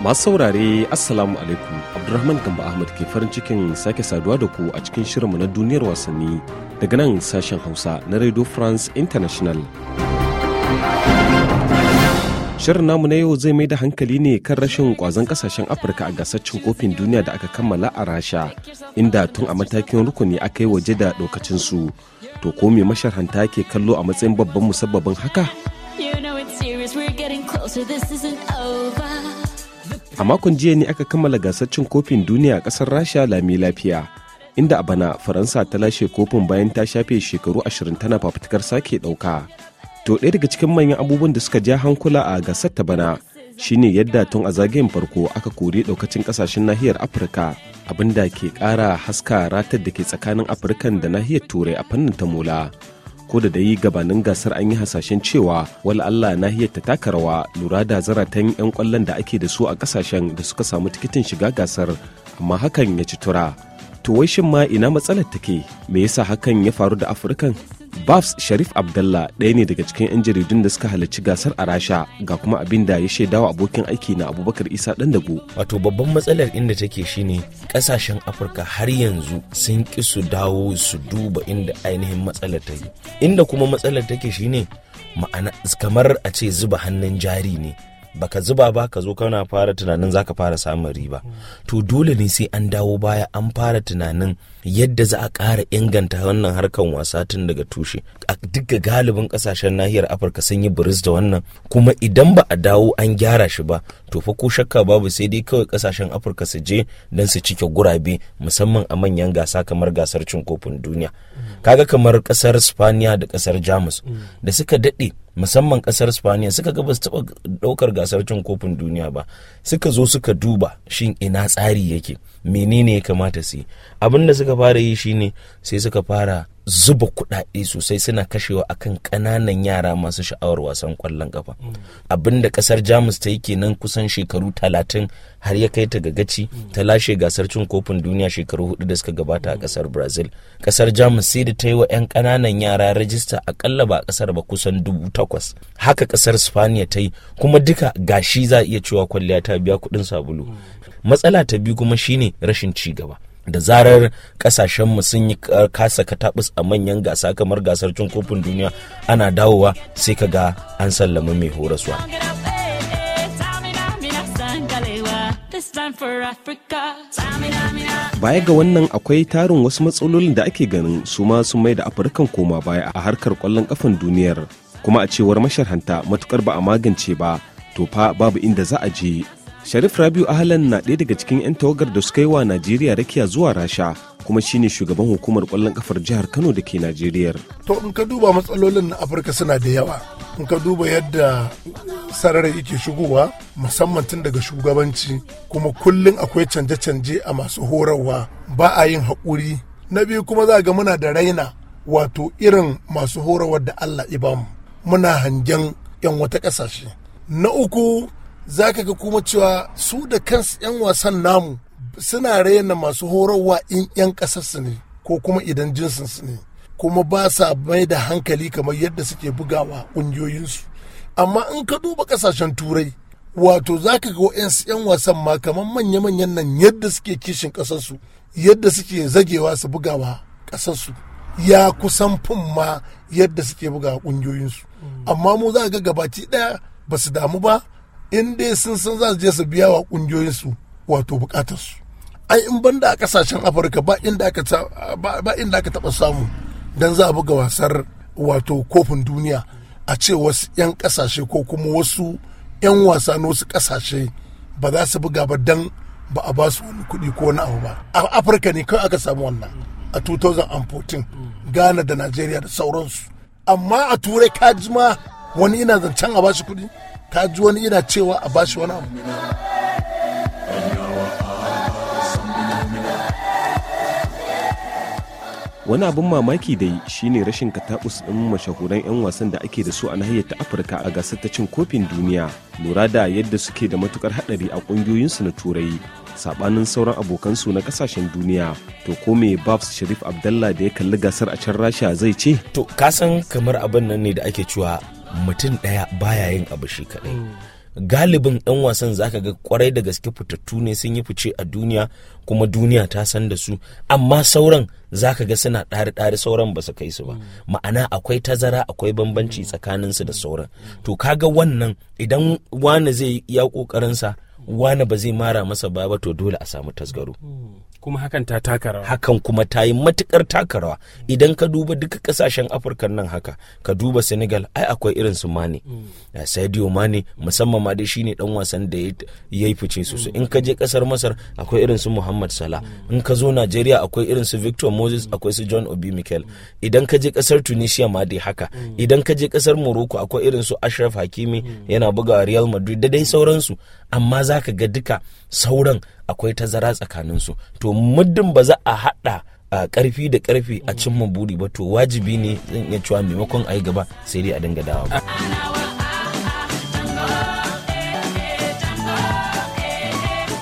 masu saurare assalamu alaikum abdulrahman gamba ahmad ke farin cikin sake saduwa da ku a cikin shirinmu na duniyar wasanni daga nan sashen hausa na radio france international shirin namu na yau zai mai da hankali ne kan rashin kwazon kasashen afirka a gasar cin kofin duniya da aka kammala a rasha inda tun a matakin rukuni aka yi waje da su to ko me masharhanta ke kallo a matsayin babban musabbabin haka you know it's serious, a makon jiya ne aka kammala gasar cin kofin duniya a kasar rasha lami lafiya inda a bana faransa ta lashe kofin bayan ta shafe shekaru ashirin tana fafutukar sake dauka. to ɗaya daga cikin manyan abubuwan da suka ja hankula a gasar ta bana shine yadda tun a zagayen farko aka kori daukacin kasashen nahiyar afirka abinda ke kara haska ratar da ke tsakanin afirkan da nahiyar turai a fannin ta mola ko da dai gabanin gasar an yi hasashen cewa wala Allah nahiyar ta taka rawa lura da zaratan 'yan kwallon da ake da su a kasashen da suka samu tikitin shiga gasar amma hakan ya ci tura to wai shin ma ina matsalar take me yasa hakan ya faru da afirkan Babs Sharif Abdallah ɗaya ne daga cikin 'yan jaridun da suka halarci gasar a Rasha ga kuma abin da ya shaidawa abokin aiki na Abubakar Isa Dandago. Wato babban matsalar inda take shine ƙasashen Afirka har yanzu sun ƙi su dawo su duba inda ainihin matsalar ta yi. Inda kuma matsalar take shine ma'ana kamar a ce zuba hannun jari ne baka zuba ba ka zo kana fara tunanin zaka fara samun riba to dole ne sai an dawo baya an fara tunanin yadda za a ƙara inganta wannan harkan wasa tun daga tushe a duka galibin ƙasashen nahiyar afirka sun yi buris da wannan kuma idan ba a dawo an gyara shi ba to fa ko shakka babu sai dai kawai ƙasashen afirka su je don su cike gurabe musamman a manyan gasa kamar gasar cin kofin duniya kaga kamar ƙasar spaniya da ƙasar jamus da suka daɗe musamman kasar spaniya suka ga ba su taba daukar gasar cin kofin duniya ba suka zo suka duba shin ina tsari yake menene ya kamata su yi abin da suka fara yi shine sai suka fara zuba kudade sosai suna kashewa akan kananan yara masu sha'awar wasan kwallon ƙafa mm. abinda kasar jamus ta yi kenan kusan shekaru talatin har ya kai ta ga gaci mm. ta lashe gasar cin kofin duniya shekaru hudu da suka gabata a kasar brazil kasar jamus sai da ta yi wa 'yan kananan yara rajista akalla ba a kasar ba kusan dubu takwas haka kasar spaniya ta yi kuma duka gashi za a iya cewa kwalliya ta biya kudin sabulu mm. matsala ta biyu kuma shine rashin ci gaba da zarar mu sun yi uh, kasa ka katabus a manyan gasa kamar gasar cin kofin duniya ana dawowa sai ka ga an sallama mai horaswa baya ga wannan akwai tarin wasu matsalolin da ake ganin su ma sun mai da afirkan koma baya a harkar kwallon kafan duniyar kuma a cewar masharhanta matukar ba a magance ba to fa babu inda za a je Sharif Rabiu Ahlan na ɗaya daga cikin 'yan tawagar da suka yi wa Najeriya rakiya zuwa Rasha kuma shine shugaban hukumar ƙwallon kafar jihar Kano da ke Najeriya. To in ka duba matsalolin na Afirka suna da yawa. In ka duba yadda sarari yake shigowa musamman tun daga shugabanci kuma kullum akwai canje-canje a masu horarwa ba a yin haƙuri. Na biyu kuma za ga muna da raina wato irin masu horarwa da Allah ibamu muna hangen 'yan wata ƙasashe. Na uku za ka ga kuma cewa su da kansu 'yan wasan namu suna raina masu horarwa in 'yan ƙasarsu ne ko kuma idan jinsinsu ne kuma ba sa mai da hankali kamar yadda suke bugawa ƙungiyoyinsu amma in ka duba ƙasashen turai wato za ka ga 'yan wasan ma kamar manya-manyan nan yadda suke kishin ƙasarsu yadda suke zagewa su bugawa ƙasarsu ya kusan fin ma yadda suke bugawa ƙungiyoyinsu. Mm. amma mu za ga gabaci ɗaya ba su damu ba in dai sun san za su je su biya wa kungiyoyinsu wato bukatarsu ai in banda a kasashen afirka ba inda aka ba inda aka taba samu dan za a buga wasar wato kofin duniya a ce wasu 'yan kasashe ko kuma wasu 'yan wasa na wasu kasashe ba za su buga ba dan ba a ba wani kuɗi ko wani abu ba a afirka ne kawai aka samu wannan a 2014 ghana da nigeria da sauransu amma a turai kajima wani ina zancen a ba shi kuɗi ta ji wani yana cewa a bashi wani abu wani abin mamaki dai shine rashin kataƙus ɗin mashahuran 'yan wasan da ake da su a nahiyar ta afirka a gasar ta cin kofin duniya lura da yadda suke da matukar haɗari a ƙungiyoyinsu na turai saɓanin sauran abokansu na ƙasashen duniya to ko me babs sharif abdallah da ya kalli gasar a can rasha zai ce to kasan kamar abin nan ne da ake cewa mutum ɗaya baya yin abu shi kaɗai galibin 'yan wasan zaka ga kwarai da gaske fitattu ne sun yi fice a duniya kuma duniya ta san da su amma sauran zaka ga suna ɗari ɗari sauran ba su kai su ba ma'ana akwai tazara akwai bambanci tsakanin su da sauran to kaga wannan idan wani zai yi iya ƙoƙarinsa wani ba zai mara masa ba to dole a samu tasgaro. kuma hakan ta taka rawa hakan kuma ta yi matukar taka rawa idan ka duba duka kasashen afirka nan haka ka duba senegal ai akwai irin su mani mm. eh, sadio mane musamman ma dai shine dan wasan da ya yi fice su in ka je kasar masar akwai irin su muhammad salah mm. in ka zo nigeria akwai irin su victor moses mm. akwai su john obi mikel idan ka je kasar tunisia ma dai haka idan ka je kasar morocco akwai irin su ashraf hakimi yana buga real madrid da dai sauransu amma zaka ga duka sauran akwai tazara tsakanin su to muddin ba za a haɗa a karfi da karfi a cimma buri ba to wajibi ne zan iya cewa maimakon a yi gaba sai dai a dinga dawa ba.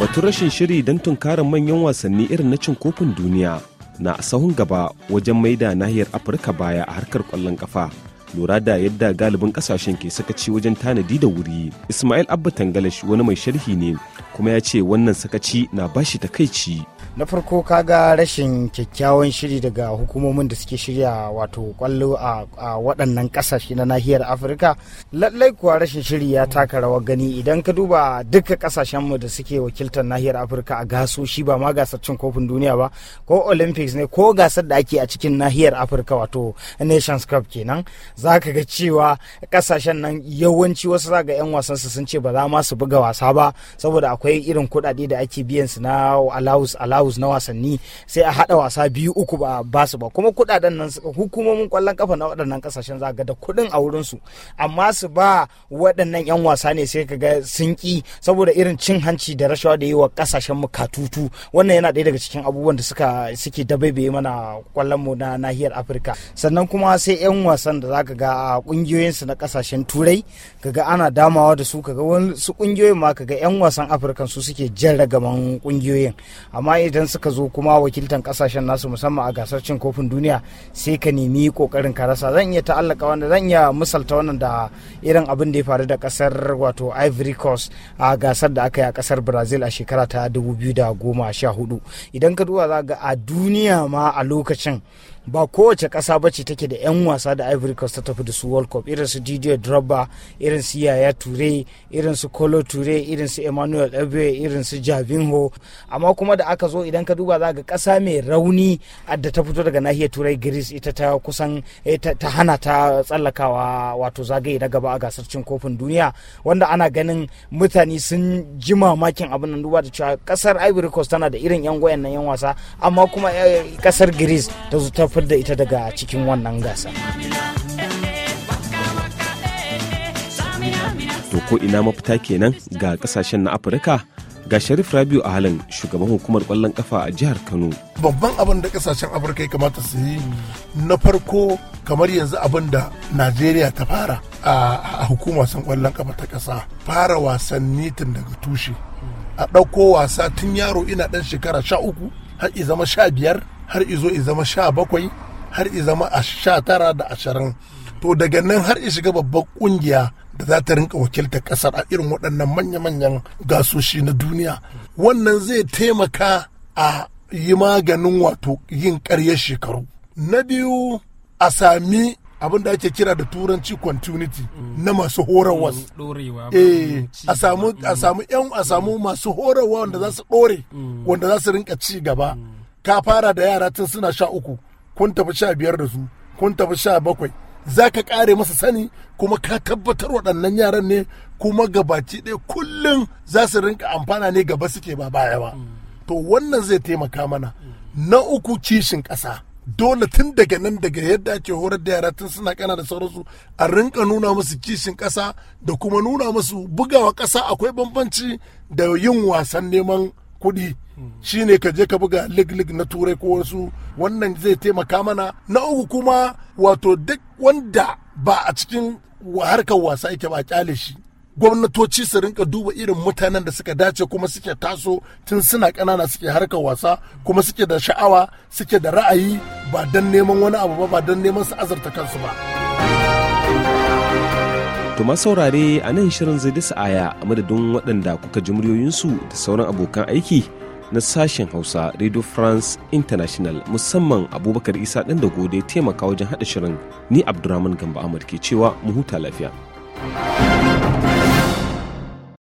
Batun rashin shiri don tunkarar manyan wasanni irin na cin kofin duniya na sahun gaba wajen maida nahiyar Afirka baya a harkar kwallon kafa. lura da yadda galibin kasashen ke sakaci wajen tanadi da wuri ismail abba tangalash wani mai sharhi ne kuma ya ce wannan sakaci na bashi takaici na farko kaga rashin kyakkyawan shiri daga hukumomin da suke shirya wato kwallo a waɗannan ƙasashe na nahiyar afirka lallai kuwa rashin shiri ya taka rawa gani idan ka duba duka ƙasashenmu da suke wakiltar nahiyar afirka a shi ba ma gasar cin kofin duniya ba ko olympics ne ko gasar da ake a cikin nahiyar afirka wato nations cup kenan za ka ga cewa ƙasashen nan yawanci wasu za ga 'yan su sun ce ba za ma su buga wasa ba saboda akwai irin kuɗaɗe da ake biyan su na alawus allowance gross na wasanni sai a hada wasa biyu uku ba ba su ba kuma kudaden nan hukumomin kwallon kafa na waɗannan kasashen za ga da kudin a wurin su amma su ba waɗannan yan wasa ne sai ka ga sun ki saboda irin cin hanci da rashawa da yi wa kasashen mu katutu wannan yana ɗaya daga cikin abubuwan da suka suke dabaibaye mana kwallon mu na nahiyar Afirka sannan kuma sai yan wasan da zaka ga kungiyoyin su na kasashen turai kaga ana damawa da su kaga wani su kungiyoyin ma kaga yan wasan Afirka su suke jan ragaman kungiyoyin amma idan suka zo kuma wakiltan kasashen nasu musamman a gasar cin kofin duniya sai ka nemi kokarin ka rasa zan iya ta'allaka wanda zan iya misalta wannan da irin abin da ya faru da kasar wato Ivory Coast a gasar da aka yi a kasar Brazil a shekara ta 2014 idan ka duba za ga a duniya ma a lokacin ba kowace ƙasa ba ce take da 'yan wasa da ivory coast ta tafi da su world cup irin su didier drogba irin su yaya ture irin su kolo ture irin su emmanuel ebe irin su javinho amma kuma da aka zo idan ka duba za ga ƙasa mai rauni da ta fito daga nahiyar turai greece ita ta kusan eh, ta hana ta tsallakawa wato zagaye na gaba a gasar cin kofin duniya wanda ana ganin mutane sun ji mamakin abin nan duba da cewa ƙasar ivory coast tana da irin 'yan wayan nan 'yan wasa amma kuma eh, ƙasar greece ta da ita daga cikin wannan gasa to ko ina mafita kenan ga kasashen na afirka ga sharif rabiu a halin shugaban hukumar kwallon kafa a jihar kano babban abin da kasashen afirka ya kamata su yi na farko kamar yanzu abin da najeriya ta fara a hukumar wasan kwallon kafa ta kasa fara wasanni tun daga tushe a ɗauko wasa tun yaro ina ɗan shekara sha uku har zama sha biyar har izo i zama sha bakwai har i zama a sha tara da ashirin to daga nan har i shiga babban kungiya da za ta rinka wakiltar kasar a irin waɗannan manya-manyan gasoshi na duniya wannan zai taimaka a yi maganin wato yin karye shekaru na biyu a sami abin da ake kira da turanci continuity na masu horarwa mm, eh, a samu a samu yan a samu masu horarwa wanda za su ɗore mm, mm. wanda za su rinka ci gaba ka fara da yara tun suna sha uku kun tafi sha biyar da su kun tafi sha bakwai za ka kare masa sani kuma ka tabbatar waɗannan yaran ne kuma gabaci ɗaya kullum za su rinka amfana ne gaba suke ba baya ba to wannan zai taimaka mana na uku kishin ƙasa dole tun daga nan daga yadda ake horar da yara tun suna kana da sauransu a rinka nuna musu kishin ƙasa da kuma nuna musu bugawa ƙasa akwai bambanci da yin wasan neman kuɗi shi ne ka je ka buga lig-lig na turai ko wasu wannan zai taimaka mana na uku kuma wato duk wanda ba a cikin harkar wasa yake ba kyale shi gwamnatoci su rinka duba irin mutanen da suka dace kuma suke taso tun suna ƙanana suke harkar wasa kuma suke da sha'awa suke da ra'ayi ba don neman wani abu ba ba don neman su azarta kansu ba. Tuma saurare a nan shirin zai dasa aya a madadin waɗanda kuka ji muryoyinsu da sauran abokan aiki na sashen hausa radio france international musamman abubakar isa ɗan da gode taimaka wajen haɗa shirin ni abdulrahman gamba ahmad ke cewa mu huta lafiya.